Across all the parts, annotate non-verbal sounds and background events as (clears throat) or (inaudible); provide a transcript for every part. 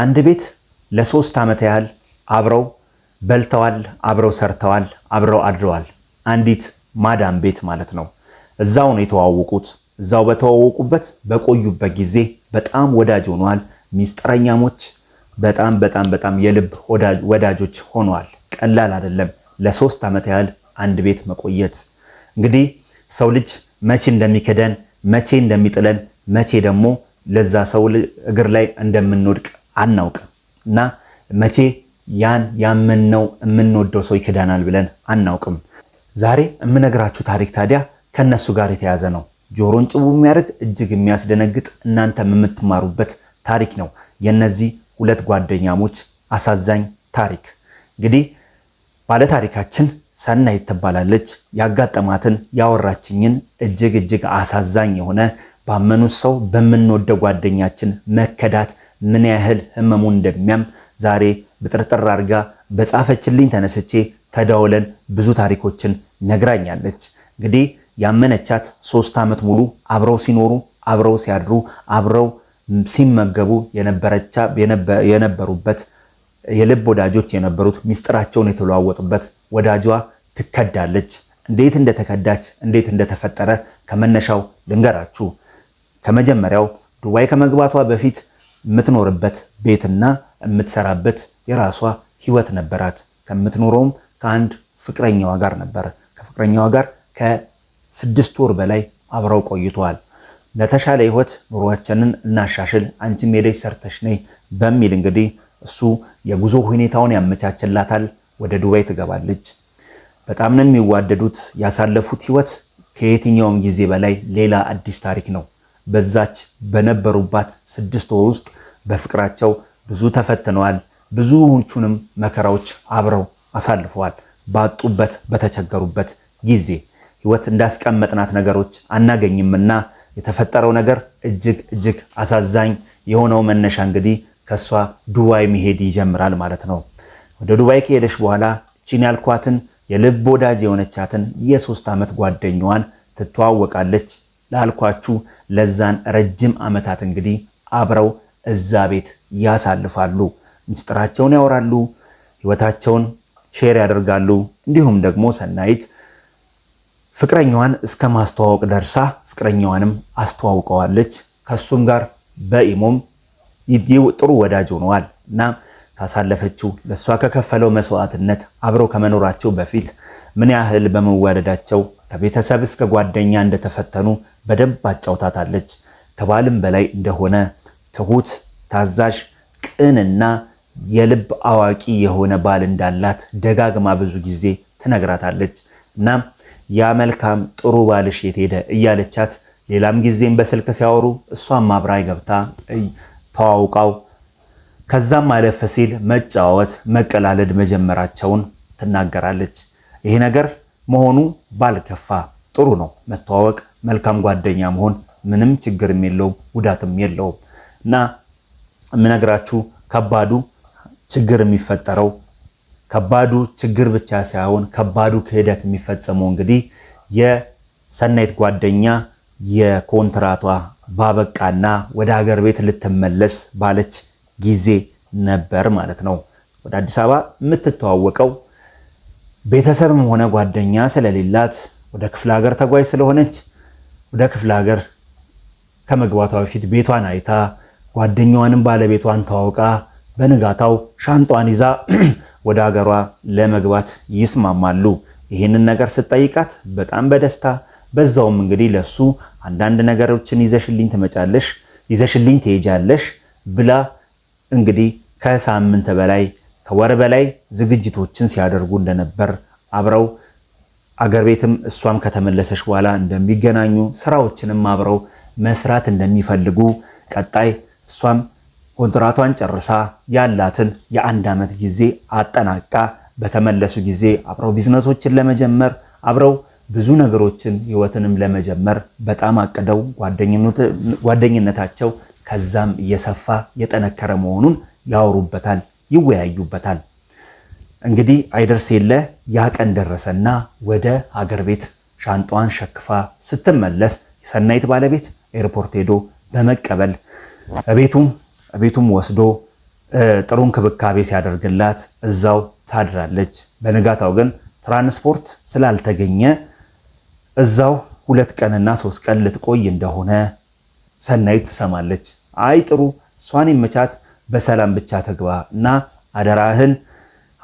አንድ ቤት ለሶስት ዓመት ያህል አብረው በልተዋል፣ አብረው ሰርተዋል፣ አብረው አድረዋል። አንዲት ማዳም ቤት ማለት ነው። እዛው ነው የተዋወቁት። እዛው በተዋወቁበት በቆዩበት ጊዜ በጣም ወዳጅ ሆነዋል። ሚስጥረኛሞች፣ በጣም በጣም በጣም የልብ ወዳጆች ሆነዋል። ቀላል አይደለም ለሶስት ዓመት ያህል አንድ ቤት መቆየት። እንግዲህ ሰው ልጅ መቼ እንደሚክደን፣ መቼ እንደሚጥለን፣ መቼ ደግሞ ለዛ ሰው እግር ላይ እንደምንወድቅ አናውቅም እና መቼ ያን ያመንነው የምንወደው ሰው ይክዳናል ብለን አናውቅም። ዛሬ የምነግራችሁ ታሪክ ታዲያ ከነሱ ጋር የተያዘ ነው። ጆሮን ጭቡ የሚያደርግ እጅግ የሚያስደነግጥ እናንተ የምትማሩበት ታሪክ ነው። የነዚህ ሁለት ጓደኛሞች አሳዛኝ ታሪክ እንግዲህ ባለታሪካችን ሰናይ ትባላለች። ያጋጠማትን ያወራችኝን እጅግ እጅግ አሳዛኝ የሆነ ባመኑት ሰው በምንወደው ጓደኛችን መከዳት ምን ያህል ህመሙን እንደሚያም ዛሬ በጥርጥር አድርጋ በጻፈችልኝ ተነስቼ ተደውለን ብዙ ታሪኮችን ነግራኛለች። እንግዲህ ያመነቻት ሶስት ዓመት ሙሉ አብረው ሲኖሩ አብረው ሲያድሩ አብረው ሲመገቡ የነበሩበት የልብ ወዳጆች የነበሩት ሚስጥራቸውን የተለዋወጡበት ወዳጇ ትከዳለች። እንዴት እንደተከዳች እንዴት እንደተፈጠረ ከመነሻው ልንገራችሁ። ከመጀመሪያው ዱባይ ከመግባቷ በፊት የምትኖርበት ቤትና የምትሰራበት የራሷ ህይወት ነበራት። ከምትኖረውም ከአንድ ፍቅረኛዋ ጋር ነበር። ከፍቅረኛዋ ጋር ከስድስት ወር በላይ አብረው ቆይተዋል። ለተሻለ ህይወት ኑሯችንን እናሻሽል፣ አንቺ ሄደሽ ሰርተሽ ነይ በሚል እንግዲህ እሱ የጉዞ ሁኔታውን ያመቻችላታል። ወደ ዱባይ ትገባለች። በጣም ነው የሚዋደዱት። ያሳለፉት ህይወት ከየትኛውም ጊዜ በላይ ሌላ አዲስ ታሪክ ነው። በዛች በነበሩባት ስድስት ወር ውስጥ በፍቅራቸው ብዙ ተፈትነዋል። ብዙዎቹንም መከራዎች አብረው አሳልፈዋል። ባጡበት በተቸገሩበት ጊዜ ህይወት እንዳስቀመጥናት ነገሮች አናገኝምና የተፈጠረው ነገር እጅግ እጅግ አሳዛኝ የሆነው መነሻ እንግዲህ ከእሷ ዱባይ መሄድ ይጀምራል ማለት ነው። ወደ ዱባይ ከሄደች በኋላ እቺን ያልኳትን የልብ ወዳጅ የሆነቻትን የሶስት ዓመት ጓደኛዋን ትተዋወቃለች። ላልኳችሁ ለዛን ረጅም ዓመታት እንግዲህ አብረው እዛ ቤት ያሳልፋሉ። ምስጢራቸውን ያወራሉ፣ ህይወታቸውን ሼር ያደርጋሉ። እንዲሁም ደግሞ ሰናይት ፍቅረኛዋን እስከ ማስተዋወቅ ደርሳ ፍቅረኛዋንም አስተዋውቀዋለች። ከሱም ጋር በኢሞም ጥሩ ወዳጅ ሆነዋል እና ካሳለፈችው ለእሷ ከከፈለው መስዋዕትነት አብረው ከመኖራቸው በፊት ምን ያህል በመዋደዳቸው ከቤተሰብ እስከ ጓደኛ እንደተፈተኑ በደንብ አጫውታታለች። ከባልም በላይ እንደሆነ ትሁት፣ ታዛዥ፣ ቅንና የልብ አዋቂ የሆነ ባል እንዳላት ደጋግማ ብዙ ጊዜ ትነግራታለች። እናም ያ መልካም ጥሩ ባልሽ የት ሄደ እያለቻት ሌላም ጊዜም በስልክ ሲያወሩ እሷም ማብራይ ገብታ ተዋውቃው ከዛም አለፍ ሲል መጫወት መቀላለድ መጀመራቸውን ትናገራለች። ይሄ ነገር መሆኑ ባልከፋ ጥሩ ነው። መተዋወቅ፣ መልካም ጓደኛ መሆን ምንም ችግርም የለውም ጉዳትም የለውም። እና የምነግራችሁ ከባዱ ችግር የሚፈጠረው ከባዱ ችግር ብቻ ሳይሆን ከባዱ ክህደት የሚፈጸመው እንግዲህ የሰናይት ጓደኛ የኮንትራቷ ባበቃና ወደ ሀገር ቤት ልትመለስ ባለች ጊዜ ነበር ማለት ነው። ወደ አዲስ አበባ የምትተዋወቀው ቤተሰብም ሆነ ጓደኛ ስለሌላት ወደ ክፍለ ሀገር ተጓዥ ስለሆነች ወደ ክፍለ ሀገር ከመግባቷ በፊት ቤቷን አይታ ጓደኛዋንም ባለቤቷን ተዋውቃ በንጋታው ሻንጧን ይዛ (clears throat) ወደ ሀገሯ ለመግባት ይስማማሉ። ይህንን ነገር ስትጠይቃት በጣም በደስታ በዛውም እንግዲህ ለሱ አንዳንድ ነገሮችን ይዘሽልኝ ትመጫለሽ፣ ይዘሽልኝ ትሄጃለሽ ብላ እንግዲህ ከሳምንት በላይ ከወር በላይ ዝግጅቶችን ሲያደርጉ እንደነበር አብረው አገር ቤትም እሷም ከተመለሰች በኋላ እንደሚገናኙ ስራዎችንም አብረው መስራት እንደሚፈልጉ ቀጣይ እሷም ኮንትራቷን ጨርሳ ያላትን የአንድ ዓመት ጊዜ አጠናቃ በተመለሱ ጊዜ አብረው ቢዝነሶችን ለመጀመር አብረው ብዙ ነገሮችን ህይወትንም ለመጀመር በጣም አቅደው ጓደኝነታቸው ከዛም እየሰፋ የጠነከረ መሆኑን ያወሩበታል። ይወያዩበታል። እንግዲህ አይደርስ የለ ያ ቀን ደረሰና ወደ ሀገር ቤት ሻንጣዋን ሸክፋ ስትመለስ የሰናይት ባለቤት ኤርፖርት ሄዶ በመቀበል ቤቱም ቤቱም ወስዶ ጥሩ እንክብካቤ ሲያደርግላት እዛው ታድራለች። በንጋታው ግን ትራንስፖርት ስላልተገኘ እዛው ሁለት ቀንና ሶስት ቀን ልትቆይ እንደሆነ ሰናይት ትሰማለች። አይ ጥሩ እሷን ይመቻት በሰላም ብቻ ተግባ እና አደራህን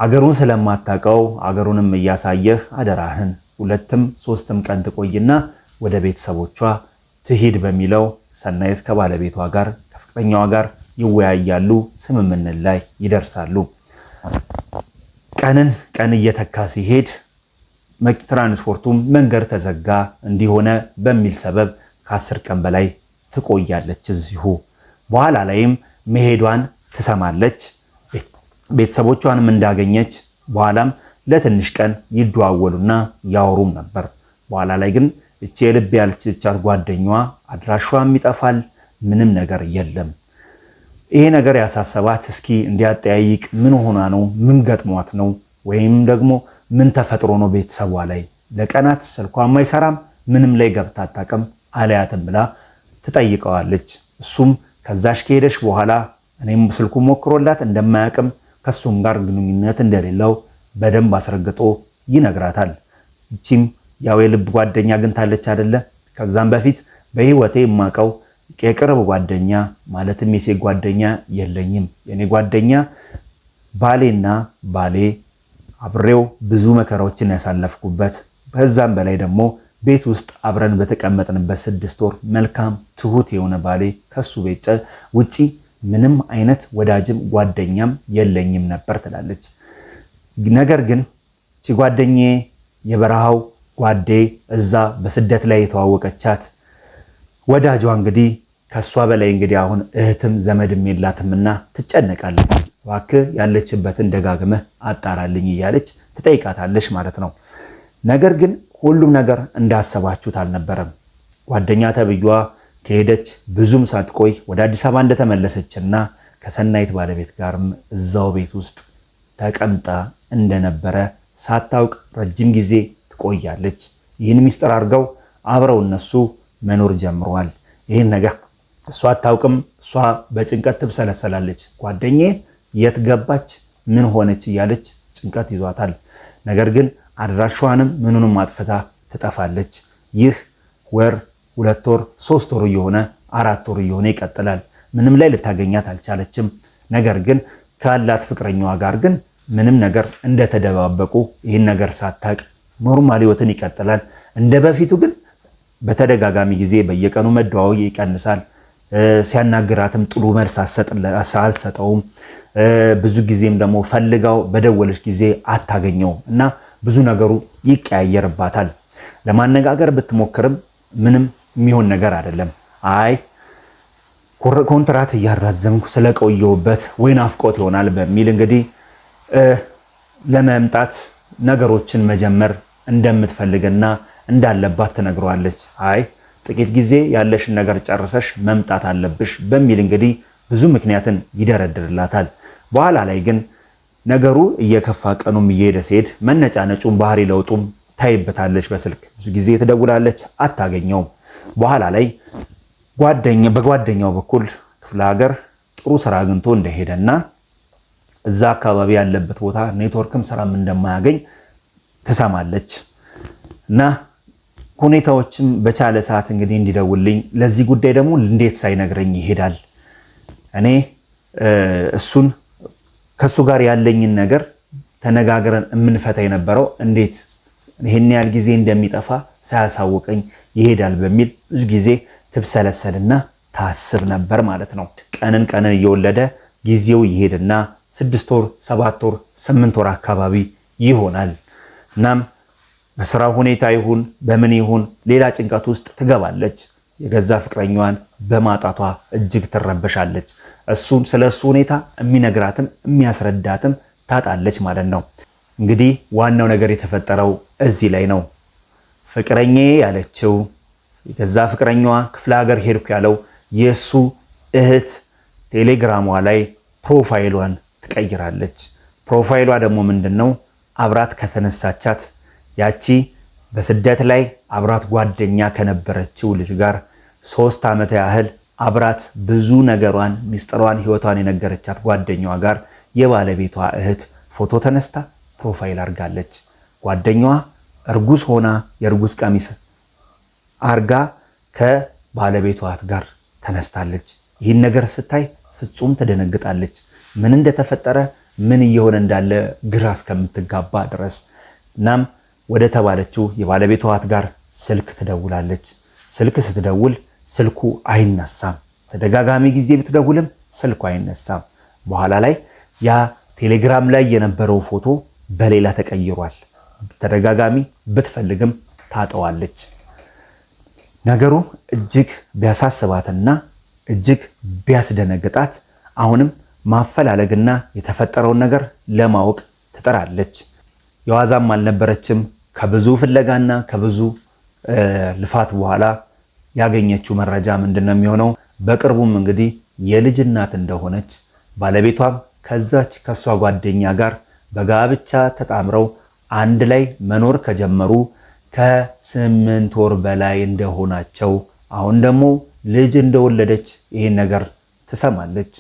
አገሩን ስለማታቀው አገሩንም እያሳየህ አደራህን ሁለትም ሶስትም ቀን ትቆይና ወደ ቤተሰቦቿ ትሂድ በሚለው ሰናይት ከባለቤቷ ጋር ከፍቅረኛዋ ጋር ይወያያሉ። ስምምነት ላይ ይደርሳሉ። ቀንን ቀን እየተካ ሲሄድ ትራንስፖርቱም መንገድ ተዘጋ እንዲሆነ በሚል ሰበብ ከአስር ቀን በላይ ትቆያለች እዚሁ በኋላ ላይም መሄዷን ትሰማለች። ቤተሰቦቿንም እንዳገኘች በኋላም ለትንሽ ቀን ይደዋወሉና ያወሩም ነበር። በኋላ ላይ ግን እቺ የልብ ያልችቻት ጓደኛዋ አድራሿም ይጠፋል፣ ምንም ነገር የለም። ይሄ ነገር ያሳሰባት እስኪ እንዲያጠያይቅ ምን ሆና ነው? ምን ገጥሟት ነው? ወይም ደግሞ ምን ተፈጥሮ ነው ቤተሰቧ ላይ? ለቀናት ስልኳም አይሰራም፣ ምንም ላይ ገብታ አታውቅም፣ አልያትም ብላ ትጠይቀዋለች እሱም ከዛሽ ከሄደሽ በኋላ እኔም ስልኩ ሞክሮላት እንደማያቅም ከሱም ጋር ግንኙነት እንደሌለው በደንብ አስረግጦ ይነግራታል። ይቺም ያው የልብ ጓደኛ ታለች አደለ? ከዛም በፊት በህይወቴ የማቀው የቅርብ ጓደኛ ማለትም የሴት ጓደኛ የለኝም። የኔ ጓደኛ ባሌና ባሌ አብሬው ብዙ መከራዎችን ያሳለፍኩበት ከዛም በላይ ደግሞ ቤት ውስጥ አብረን በተቀመጥንበት ስድስት ወር መልካም ትሁት የሆነ ባሌ ከሱ ቤት ውጪ ምንም አይነት ወዳጅም ጓደኛም የለኝም ነበር ትላለች። ነገር ግን እቺ ጓደኛዬ የበረሃው ጓዴ እዛ በስደት ላይ የተዋወቀቻት ወዳጇ እንግዲህ ከእሷ በላይ እንግዲህ አሁን እህትም ዘመድም የላትምና ትጨነቃለች። እባክህ ያለችበትን ደጋግመህ አጣራልኝ እያለች ትጠይቃታለች ማለት ነው። ነገር ግን ሁሉም ነገር እንዳሰባችሁት አልነበረም። ጓደኛ ተብዬዋ ከሄደች ብዙም ሳትቆይ ወደ አዲስ አበባ እንደተመለሰችና ከሰናይት ባለቤት ጋርም እዛው ቤት ውስጥ ተቀምጣ እንደነበረ ሳታውቅ ረጅም ጊዜ ትቆያለች። ይህን ሚስጥር አድርገው አብረው እነሱ መኖር ጀምረዋል። ይህን ነገር እሷ አታውቅም። እሷ በጭንቀት ትብሰለሰላለች። ጓደኛ የት ገባች? ምን ሆነች? እያለች ጭንቀት ይዟታል። ነገር ግን አድራሿንም ምኑንም አጥፍታ ትጠፋለች። ይህ ወር ሁለት ወር ሶስት ወር እየሆነ አራት ወር እየሆነ ይቀጥላል። ምንም ላይ ልታገኛት አልቻለችም። ነገር ግን ካላት ፍቅረኛዋ ጋር ግን ምንም ነገር እንደተደባበቁ ይህን ነገር ሳታቅ ኖርማል ህይወትን ይቀጥላል። እንደ በፊቱ ግን በተደጋጋሚ ጊዜ በየቀኑ መደዋወል ይቀንሳል። ሲያናግራትም ጥሉ መልስ አልሰጠውም። ብዙ ጊዜም ደግሞ ፈልጋው በደወለች ጊዜ አታገኘው እና ብዙ ነገሩ ይቀያየርባታል። ለማነጋገር ብትሞክርም ምንም የሚሆን ነገር አይደለም። አይ ኮንትራት እያራዘምኩ ስለቆየሁበት ወይ ናፍቆት ይሆናል በሚል እንግዲህ ለመምጣት ነገሮችን መጀመር እንደምትፈልግና እንዳለባት ትነግረዋለች። አይ ጥቂት ጊዜ ያለሽን ነገር ጨርሰሽ መምጣት አለብሽ በሚል እንግዲህ ብዙ ምክንያትን ይደረድርላታል። በኋላ ላይ ግን ነገሩ እየከፋ ቀኑም እየሄደ ሲሄድ መነጫነጩም ባህሪ ለውጡም ታይበታለች። በስልክ ብዙ ጊዜ ትደውላለች፣ አታገኘውም። በኋላ ላይ በጓደኛው በኩል ክፍለ ሀገር ጥሩ ስራ አግኝቶ እንደሄደና እዛ አካባቢ ያለበት ቦታ ኔትወርክም ስራም እንደማያገኝ ትሰማለች እና ሁኔታዎችም በቻለ ሰዓት እንግዲህ እንዲደውልኝ ለዚህ ጉዳይ ደግሞ እንዴት ሳይነግረኝ ይሄዳል እኔ እሱን ከእሱ ጋር ያለኝን ነገር ተነጋግረን የምንፈታ የነበረው እንዴት ይህን ያህል ጊዜ እንደሚጠፋ ሳያሳውቀኝ ይሄዳል በሚል ብዙ ጊዜ ትብሰለሰልና ታስብ ነበር ማለት ነው። ቀንን ቀንን እየወለደ ጊዜው ይሄድና ስድስት ወር፣ ሰባት ወር፣ ስምንት ወር አካባቢ ይሆናል። እናም በስራ ሁኔታ ይሁን በምን ይሁን ሌላ ጭንቀት ውስጥ ትገባለች። የገዛ ፍቅረኛዋን በማጣቷ እጅግ ትረበሻለች። እሱን ስለ እሱ ሁኔታ የሚነግራትም የሚያስረዳትም ታጣለች ማለት ነው። እንግዲህ ዋናው ነገር የተፈጠረው እዚህ ላይ ነው። ፍቅረኜ ያለችው የገዛ ፍቅረኛዋ ክፍለ ሀገር ሄድኩ ያለው የእሱ እህት ቴሌግራሟ ላይ ፕሮፋይሏን ትቀይራለች። ፕሮፋይሏ ደግሞ ምንድን ነው? አብራት ከተነሳቻት ያቺ በስደት ላይ አብራት ጓደኛ ከነበረችው ልጅ ጋር ሶስት ዓመት ያህል አብራት ብዙ ነገሯን፣ ሚስጥሯን፣ ህይወቷን የነገረቻት ጓደኛዋ ጋር የባለቤቷ እህት ፎቶ ተነስታ ፕሮፋይል አርጋለች። ጓደኛዋ እርጉዝ ሆና የእርጉዝ ቀሚስ አርጋ ከባለቤቷ ጋር ተነስታለች። ይህን ነገር ስታይ ፍጹም ትደነግጣለች። ምን እንደተፈጠረ ምን እየሆነ እንዳለ ግራ እስከምትጋባ ድረስ። እናም ወደ ተባለችው የባለቤቷ ጋር ስልክ ትደውላለች። ስልክ ስትደውል ስልኩ አይነሳም። ተደጋጋሚ ጊዜ ብትደውልም ስልኩ አይነሳም። በኋላ ላይ ያ ቴሌግራም ላይ የነበረው ፎቶ በሌላ ተቀይሯል። ተደጋጋሚ ብትፈልግም ታጠዋለች። ነገሩ እጅግ ቢያሳስባትና እጅግ ቢያስደነግጣት አሁንም ማፈላለግና የተፈጠረውን ነገር ለማወቅ ትጥራለች። የዋዛም አልነበረችም። ከብዙ ፍለጋና ከብዙ ልፋት በኋላ ያገኘችው መረጃ ምንድን ነው የሚሆነው? በቅርቡም እንግዲህ የልጅ እናት እንደሆነች ባለቤቷም ከዛች ከሷ ጓደኛ ጋር በጋብቻ ተጣምረው አንድ ላይ መኖር ከጀመሩ ከስምንት ወር በላይ እንደሆናቸው አሁን ደግሞ ልጅ እንደወለደች ይህን ነገር ትሰማለች።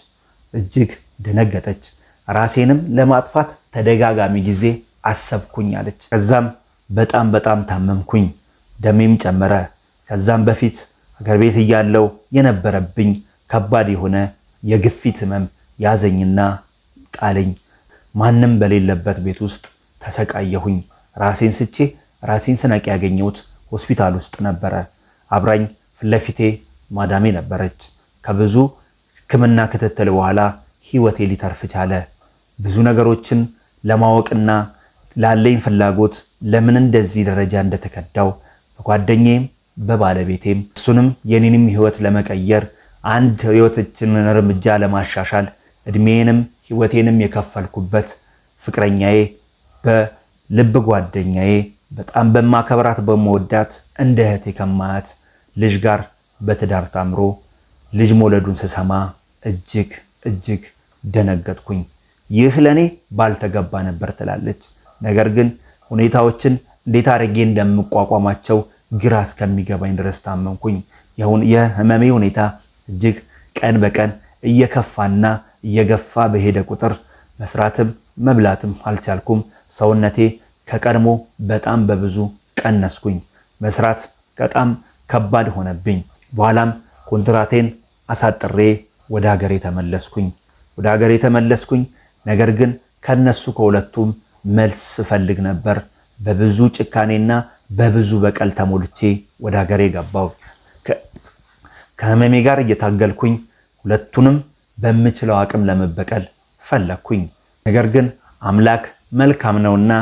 እጅግ ደነገጠች። ራሴንም ለማጥፋት ተደጋጋሚ ጊዜ አሰብኩኝ አለች። ከዛም በጣም በጣም ታመምኩኝ፣ ደሜም ጨመረ ከዛም በፊት አገር ቤት እያለው የነበረብኝ ከባድ የሆነ የግፊት ህመም ያዘኝና ጣለኝ። ማንም በሌለበት ቤት ውስጥ ተሰቃየሁኝ። ራሴን ስቼ ራሴን ስናቅ ያገኘሁት ሆስፒታል ውስጥ ነበረ። አብራኝ ፍለፊቴ ማዳሜ ነበረች። ከብዙ ህክምና ክትትል በኋላ ህይወቴ ሊተርፍ ቻለ። ብዙ ነገሮችን ለማወቅና ላለኝ ፍላጎት ለምን እንደዚህ ደረጃ እንደተከዳው በጓደኛዬም በባለቤቴም እሱንም የኔንም ህይወት ለመቀየር አንድ ህይወታችንን እርምጃ ለማሻሻል እድሜንም ህይወቴንም የከፈልኩበት ፍቅረኛዬ በልብ ጓደኛዬ በጣም በማከብራት በመወዳት እንደ እህቴ ከማያት ልጅ ጋር በትዳር ታምሮ ልጅ መውለዱን ስሰማ እጅግ እጅግ ደነገጥኩኝ። ይህ ለእኔ ባልተገባ ነበር ትላለች። ነገር ግን ሁኔታዎችን እንዴት አድርጌ እንደምቋቋማቸው ግራ እስከሚገባኝ ድረስ ታመምኩኝ። የህመሜ ሁኔታ እጅግ ቀን በቀን እየከፋና እየገፋ በሄደ ቁጥር መስራትም መብላትም አልቻልኩም። ሰውነቴ ከቀድሞ በጣም በብዙ ቀነስኩኝ። መስራት በጣም ከባድ ሆነብኝ። በኋላም ኮንትራቴን አሳጥሬ ወደ ሀገሬ ተመለስኩኝ። ወደ ሀገሬ ተመለስኩኝ። ነገር ግን ከነሱ ከሁለቱም መልስ እፈልግ ነበር። በብዙ ጭካኔና በብዙ በቀል ተሞልቼ ወደ ሀገሬ ገባው። ከህመሜ ጋር እየታገልኩኝ ሁለቱንም በምችለው አቅም ለመበቀል ፈለግኩኝ። ነገር ግን አምላክ መልካም ነውና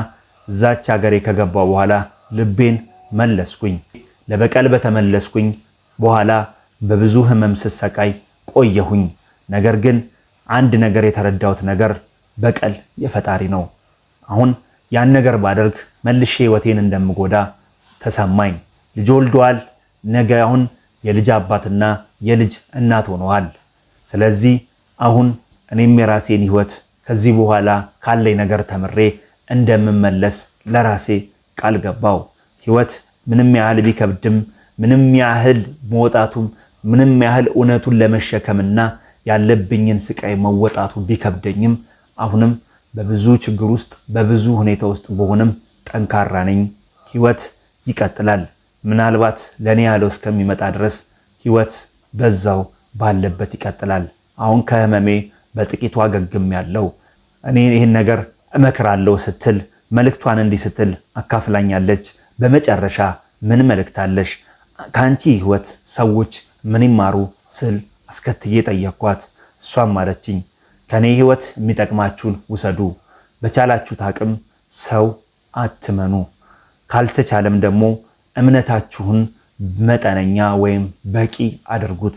እዛች ሀገሬ ከገባው በኋላ ልቤን መለስኩኝ። ለበቀል በተመለስኩኝ በኋላ በብዙ ህመም ስሰቃይ ቆየሁኝ። ነገር ግን አንድ ነገር የተረዳሁት ነገር በቀል የፈጣሪ ነው። አሁን ያን ነገር ባደርግ መልሼ ህይወቴን እንደምጎዳ ተሰማኝ። ልጅ ወልደዋል። ነገ አሁን የልጅ አባትና የልጅ እናት ሆነዋል። ስለዚህ አሁን እኔም የራሴን ህይወት ከዚህ በኋላ ካለኝ ነገር ተምሬ እንደምመለስ ለራሴ ቃል ገባው። ህይወት ምንም ያህል ቢከብድም ምንም ያህል መውጣቱም ምንም ያህል እውነቱን ለመሸከምና ያለብኝን ስቃይ መወጣቱ ቢከብደኝም አሁንም በብዙ ችግር ውስጥ በብዙ ሁኔታ ውስጥ በሆንም ጠንካራ ነኝ። ህይወት ይቀጥላል። ምናልባት ለእኔ ያለው እስከሚመጣ ድረስ ህይወት በዛው ባለበት ይቀጥላል። አሁን ከህመሜ በጥቂቱ አገግም ያለው እኔ ይህን ነገር እመክራለሁ ስትል መልእክቷን እንዲህ ስትል አካፍላኛለች። በመጨረሻ ምን መልእክት አለሽ? ከአንቺ ህይወት ሰዎች ምን ይማሩ ስል አስከትዬ ጠየኳት። እሷም አለችኝ ከእኔ ህይወት የሚጠቅማችሁን ውሰዱ፣ በቻላችሁት አቅም ሰው አትመኑ። ካልተቻለም ደግሞ እምነታችሁን መጠነኛ ወይም በቂ አድርጉት።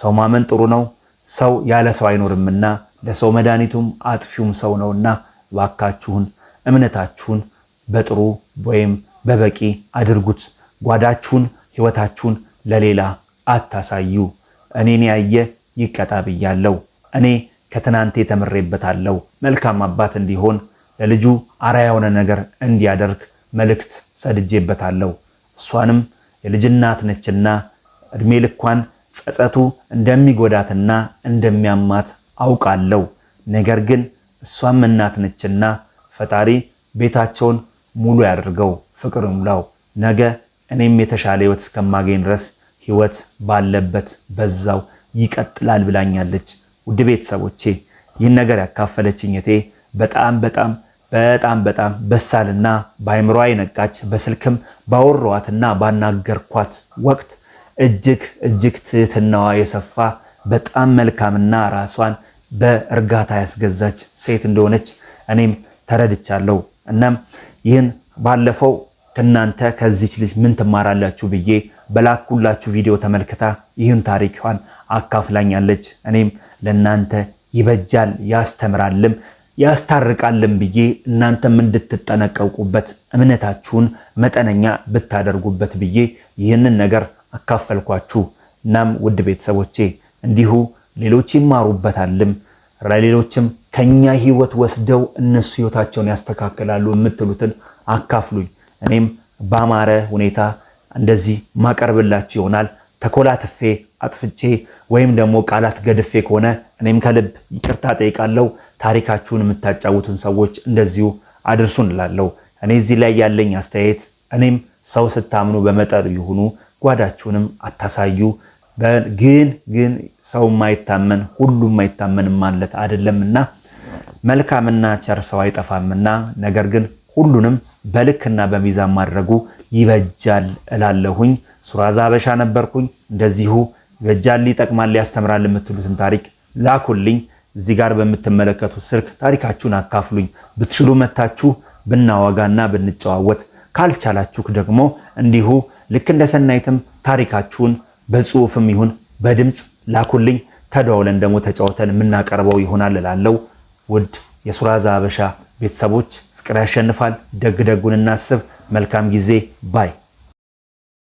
ሰው ማመን ጥሩ ነው፣ ሰው ያለ ሰው አይኖርምና ለሰው መድኃኒቱም አጥፊውም ሰው ነውና ዋካችሁን እምነታችሁን በጥሩ ወይም በበቂ አድርጉት። ጓዳችሁን፣ ህይወታችሁን ለሌላ አታሳዩ። እኔን ያየ ይቀጣ ብያለው። እኔ ከትናንቴ ተምሬበታለሁ። መልካም አባት እንዲሆን ለልጁ አራ የሆነ ነገር እንዲያደርግ መልእክት ሰድጄበታለሁ። እሷንም የልጅናት ነችና እድሜ ልኳን ጸጸቱ እንደሚጎዳትና እንደሚያማት አውቃለሁ። ነገር ግን እሷም እናት ነችና ፈጣሪ ቤታቸውን ሙሉ ያድርገው፣ ፍቅር ይሙላው። ነገ እኔም የተሻለ ህይወት እስከማገኝ ድረስ ህይወት ባለበት በዛው ይቀጥላል ብላኛለች። ውድ ቤተሰቦቼ ይህን ነገር ያካፈለችኝ እቴ በጣም በጣም በጣም በጣም በሳልና በአይምሯ ይነቃች በስልክም ባወሯትና ባናገርኳት ወቅት እጅግ እጅግ ትህትናዋ የሰፋ በጣም መልካምና ራሷን በእርጋታ ያስገዛች ሴት እንደሆነች እኔም ተረድቻለሁ። እናም ይህን ባለፈው ከእናንተ ከዚች ልጅ ምን ትማራላችሁ ብዬ በላኩላችሁ ቪዲዮ ተመልክታ ይህን ታሪኳን አካፍላኛለች። እኔም ለእናንተ ይበጃል ያስተምራልም ያስታርቃልን ብዬ እናንተም እንድትጠነቀቁበት እምነታችሁን መጠነኛ ብታደርጉበት ብዬ ይህንን ነገር አካፈልኳችሁ። እናም ውድ ቤተሰቦቼ እንዲሁ ሌሎች ይማሩበታልም ሌሎችም ከኛ ህይወት ወስደው እነሱ ህይወታቸውን ያስተካክላሉ የምትሉትን አካፍሉኝ። እኔም ባማረ ሁኔታ እንደዚህ ማቀርብላችሁ ይሆናል። ተኮላትፌ አጥፍቼ ወይም ደግሞ ቃላት ገድፌ ከሆነ እኔም ከልብ ይቅርታ ጠይቃለሁ። ታሪካችሁን የምታጫውቱን ሰዎች እንደዚሁ አድርሱን እላለሁ። እኔ እዚህ ላይ ያለኝ አስተያየት እኔም ሰው ስታምኑ በመጠኑ ይሁኑ፣ ጓዳችሁንም አታሳዩ። ግን ግን ሰው ማይታመን ሁሉም ማይታመን ማለት አይደለምና መልካምና ቸር ሰው አይጠፋምና ነገር ግን ሁሉንም በልክና በሚዛን ማድረጉ ይበጃል እላለሁኝ። ሱራዛ ሀበሻ ነበርኩኝ። እንደዚሁ ይበጃል፣ ይጠቅማል፣ ያስተምራል የምትሉትን ታሪክ ላኩልኝ። እዚህ ጋር በምትመለከቱት ስልክ ታሪካችሁን አካፍሉኝ። ብትችሉ መታችሁ ብናዋጋና ብንጨዋወት፣ ካልቻላችሁ ደግሞ እንዲሁ ልክ እንደ ሰናይትም ታሪካችሁን በጽሁፍም ይሁን በድምፅ ላኩልኝ። ተደዋውለን ደግሞ ተጫውተን የምናቀርበው ይሆናል እላለሁ። ውድ የሱራዛ ሀበሻ ቤተሰቦች ፍቅር ያሸንፋል። ደግ ደጉን እናስብ። መልካም ጊዜ ባይ